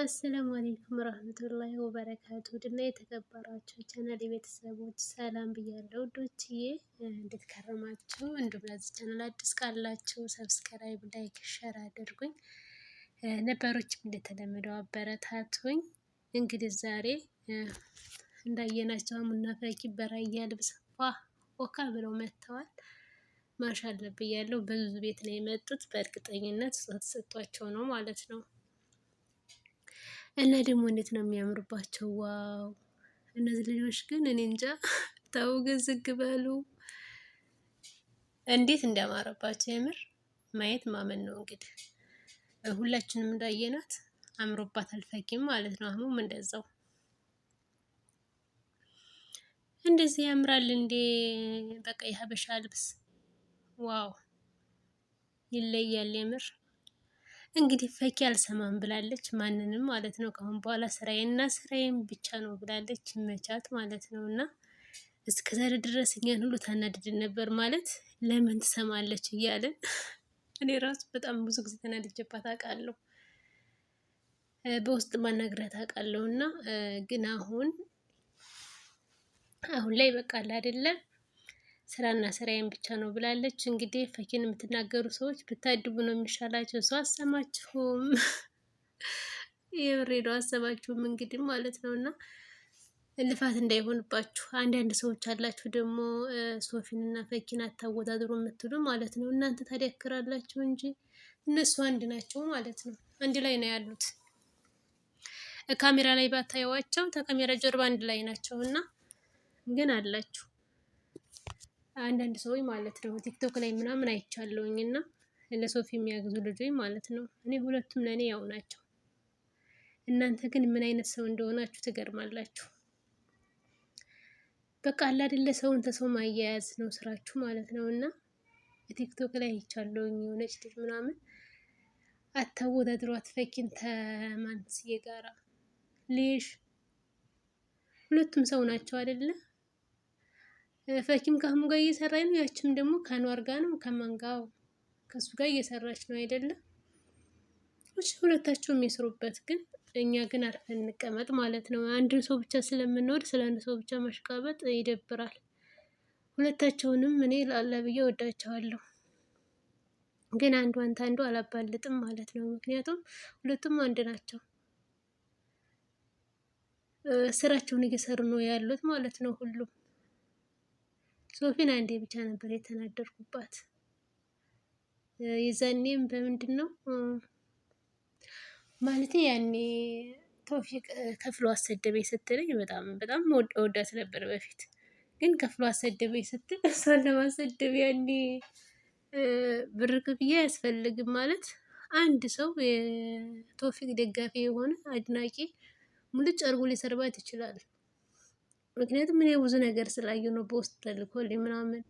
አሰላሙ አሌይኩም ረህመቱላሂ ወበረካቱ ድና የተከበራችሁ ቻናል የቤተሰቦች ሰላም ብያለሁ። ውዶችዬ እንዴት ከረማችሁ? እንዲሁም ለዚህ ቻናል አዲስ ካላችሁ ሰብስክራይብ፣ ላይክ፣ ሸር አድርጉኝ። ነባሮችም እንደተለመደው አበረታቱኝ። እንግዲህ ዛሬ እንዳየናቸው አህሙና ፈኪ በራያ ልብስ ፎካ ብለው መጥተዋል። ማሻአላህ ብያለሁ። ብዙ ቤት ነው የመጡት። በእርግጠኝነት እሷ ነው ማለት ነው። እና ደግሞ እንዴት ነው የሚያምርባቸው! ዋው! እነዚህ ልጆች ግን እኔ እንጃ ተው ግን ዝግ በሉ። እንዴት እንዳማረባቸው የምር ማየት ማመን ነው። እንግዲህ ሁላችንም እንዳየናት አምሮባት አልፈኪም ማለት ነው። አህሙም እንደዛው እንደዚህ ያምራል እንዴ! በቃ የሀበሻ ልብስ ዋው! ይለያል የምር። እንግዲህ ፈኪ አልሰማም ብላለች። ማንንም ማለት ነው። ከአሁን በኋላ ስራዬና ስራዬን ብቻ ነው ብላለች። መቻት ማለት ነው። እና እስከ ዛሬ ድረስ እኛን ሁሉ ታናድድን ነበር ማለት ለምን ትሰማለች እያለን እኔ ራሱ በጣም ብዙ ጊዜ ተናድጄባት አውቃለሁ። በውስጥ ማናግራት አውቃለሁ። እና ግን አሁን አሁን ላይ በቃ አይደለም ስራና ስራዬን ብቻ ነው ብላለች። እንግዲህ ፈኪን የምትናገሩ ሰዎች ብታድቡ ነው የሚሻላቸው። ሰው አሰማችሁም፣ የምሬ ነው አሰማችሁም። እንግዲህ ማለት ነው እና ልፋት እንዳይሆንባችሁ አንዳንድ ሰዎች አላችሁ ደግሞ ሶፊንና ፈኪን አታወዳድሩ የምትሉ ማለት ነው። እናንተ ታዳክራላችሁ እንጂ እነሱ አንድ ናቸው ማለት ነው። አንድ ላይ ነው ያሉት። ካሜራ ላይ ባታየዋቸው ከካሜራ ጀርባ አንድ ላይ ናቸው እና ግን አላችሁ አንዳንድ ሰዎች ማለት ነው ቲክቶክ ላይ ምናምን አይቻለውኝ እና ለሶፊ የሚያግዙ ልጆች ማለት ነው። እኔ ሁለቱም ለእኔ ያው ናቸው። እናንተ ግን ምን አይነት ሰው እንደሆናችሁ ትገርማላችሁ። በቃ አላደለ ሰውን ተሰው ማያያዝ ነው ስራችሁ ማለት ነው። እና ቲክቶክ ላይ አይቻለውኝ የሆነች ልጅ ምናምን አታወዳድሯት ፈኪን ተማንስዬ ጋራ ልሽ ሁለቱም ሰው ናቸው አይደለ? ፈኪም ከአህሙ ጋር እየሰራች ነው። ያችም ደግሞ ከኗር ጋር ነው ከመንጋው ከሱ ጋር እየሰራች ነው አይደለም። እሺ ሁለታቸውም የሚስሩበት፣ ግን እኛ ግን አርፈን እንቀመጥ ማለት ነው። አንድ ሰው ብቻ ስለምንወድ ስለ አንድ ሰው ብቻ ማሽቃበጥ ይደብራል። ሁለታቸውንም እኔ ለአላ ብዬ ወዳቸዋለሁ፣ ግን አንዱ አንተ አንዱ አላባልጥም ማለት ነው። ምክንያቱም ሁለቱም አንድ ናቸው። ስራቸውን እየሰሩ ነው ያሉት ማለት ነው ሁሉም ሶፊን አንዴ ብቻ ነበር የተናደርኩባት። የዛኔም በምንድን ነው ማለት ያኔ ቶፊቅ ከፍሎ አሰደበኝ ስትለኝ በጣም በጣም ወዳት ነበር በፊት ግን ከፍሎ አሰደበኝ ስትል እሷን ለማሰደብ ያኔ ብር ክፍያ አያስፈልግም ማለት አንድ ሰው የቶፊቅ ደጋፊ የሆነ አድናቂ ሙሉ ጨርጉ ሊሰርባት ይችላል። ምክንያቱም እኔ ብዙ ነገር ስላየሁ ነው በውስጥ ተልኮልኝ ምናምን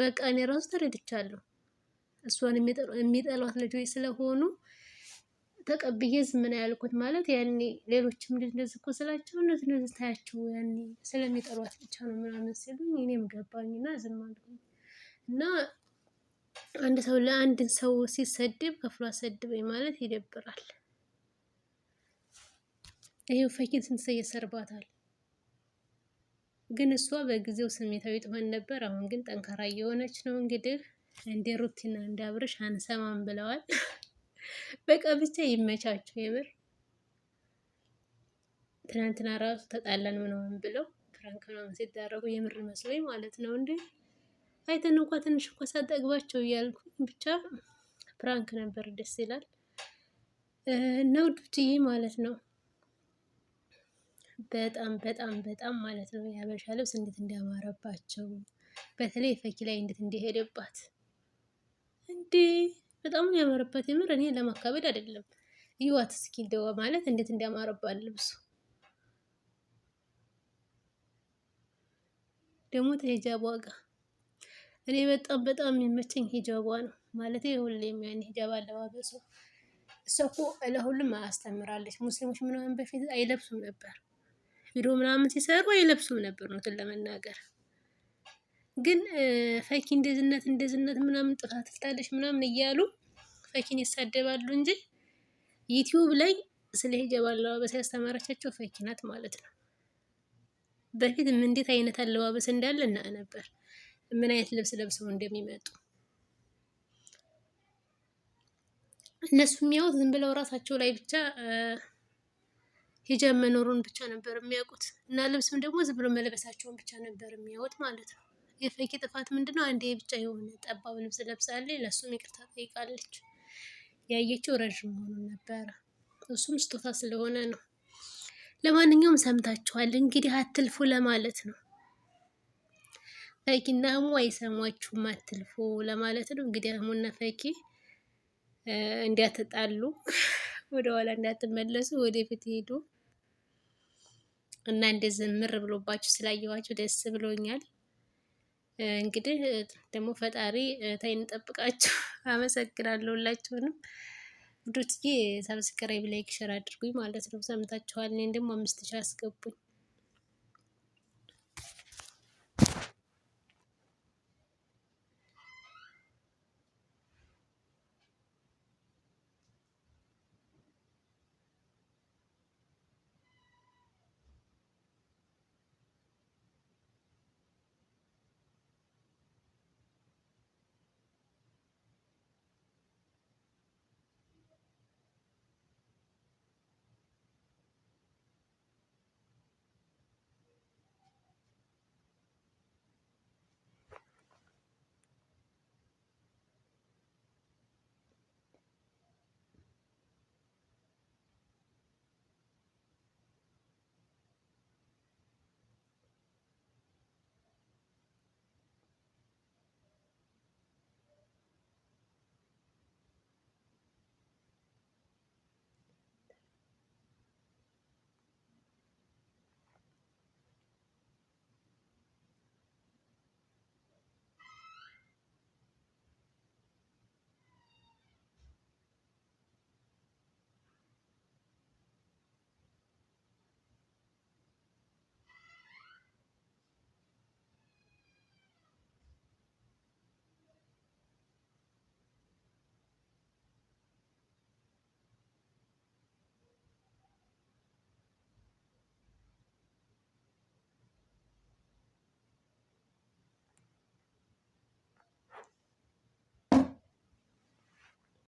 በቃ እኔ ራሱ ተረድቻለሁ። እሷን የሚጠሏት ልጆች ስለሆኑ ተቀብዬ ዝም ነው ያልኩት። ማለት ያኔ ሌሎችም እንደዚህ እኮ ስላቸው እነዚህ እነዚህ ታያቸው ያኔ ስለሚጠሏት ብቻ ነው ምናምን ሲሉኝ እኔም ገባኝና ዝም አልኩኝ እና አንድ ሰው ለአንድን ሰው ሲሰድብ ከፍሎ አሰድበኝ ማለት ይደብራል። ይሄው ፈኪን ስንት ሰው እየሰርባታል። ግን እሷ በጊዜው ስሜታዊ ትሆን ነበር። አሁን ግን ጠንካራ እየሆነች ነው። እንግዲህ እንደ ሩቲና እንደ አብርሽ አንሰማም ብለዋል። በቃ ብቻ ይመቻቸው። የምር ትናንትና ራሱ ተጣላን ምናምን ብለው ፍራንክ ምናምን ሲዳረጉ የምር መስሎኝ ማለት ነው እንዴ አይተን እንኳ ትንሽ እኮ ሳጠግባቸው እያልኩ ብቻ ፕራንክ ነበር። ደስ ይላል እና ውዱትዬ ማለት ነው በጣም በጣም በጣም ማለት ነው የሀበሻ ልብስ እንዴት እንዲያማረባቸው በተለይ ፈኪ ላይ እንዴት እንዲሄድባት እንዴ! በጣም ነው ያማረባት። የምር እኔ ለማካበድ አይደለም። ይዋት እስኪ ማለት እንዴት እንዳማረባት ልብሱ። ደግሞ ተሂጃቧ ጋር እኔ በጣም በጣም የሚመቸኝ ሂጃቧ ነው ማለት ሁሌም ያን ሂጃብ አለባበሱ እሷ እኮ ለሁሉም አስተምራለች። ሙስሊሞች ምናምን በፊት አይለብሱም ነበር። ቪዲዮ ምናምን ሲሰሩ አይለብሱም ነበር ነትን ለመናገር ግን ፈኪ እንደዝነት እንደዝነት ምናምን ጥፋት ትፍታለች ምናምን እያሉ ፈኪን ይሳደባሉ እንጂ ዩቲዩብ ላይ ስለ ሂጃብ አለባበስ ያስተማረቻቸው ፈኪ ናት ማለት ነው። በፊት እንዴት አይነት አለባበስ እንዳለ እና ነበር ምን አይነት ልብስ ለብሰው እንደሚመጡ እነሱ የሚያዩት ዝም ብለው ራሳቸው ላይ ብቻ ሂጃብ መኖሩን ብቻ ነበር የሚያውቁት እና ልብስም ደግሞ ዝም ብሎ መለበሳቸውን ብቻ ነበር የሚያወጥ ማለት ነው። የፈቂ ጥፋት ምንድን ነው? አንዴ ብቻ የሆነ ጠባብ ልብስ ለብሳለች። ለእሱም ይቅርታ ጠይቃለች። ያየችው ረዥም መሆኑን ነበረ። እሱም ስጦታ ስለሆነ ነው። ለማንኛውም ሰምታችኋል እንግዲህ አትልፉ ለማለት ነው። ፈኪና ህሙ አይሰማችሁም አትልፉ ለማለት ነው። እንግዲህ ህሙና ፈኪ እንዲያተጣሉ ወደ ኋላ እንዳትመለሱ ወደፊት ሄዱ እና እንደዚህ ምር ብሎባችሁ ስላየኋችሁ ደስ ብሎኛል። እንግዲህ ደግሞ ፈጣሪ ታይን ጠብቃችሁ። አመሰግናለሁ ሁላችሁንም። ዱትዬ ሰብስክራይብ፣ ላይክ፣ ሸር አድርጉኝ ማለት ነው። ሰምታችኋል። እኔን ደግሞ አምስት ሺህ አስገቡኝ።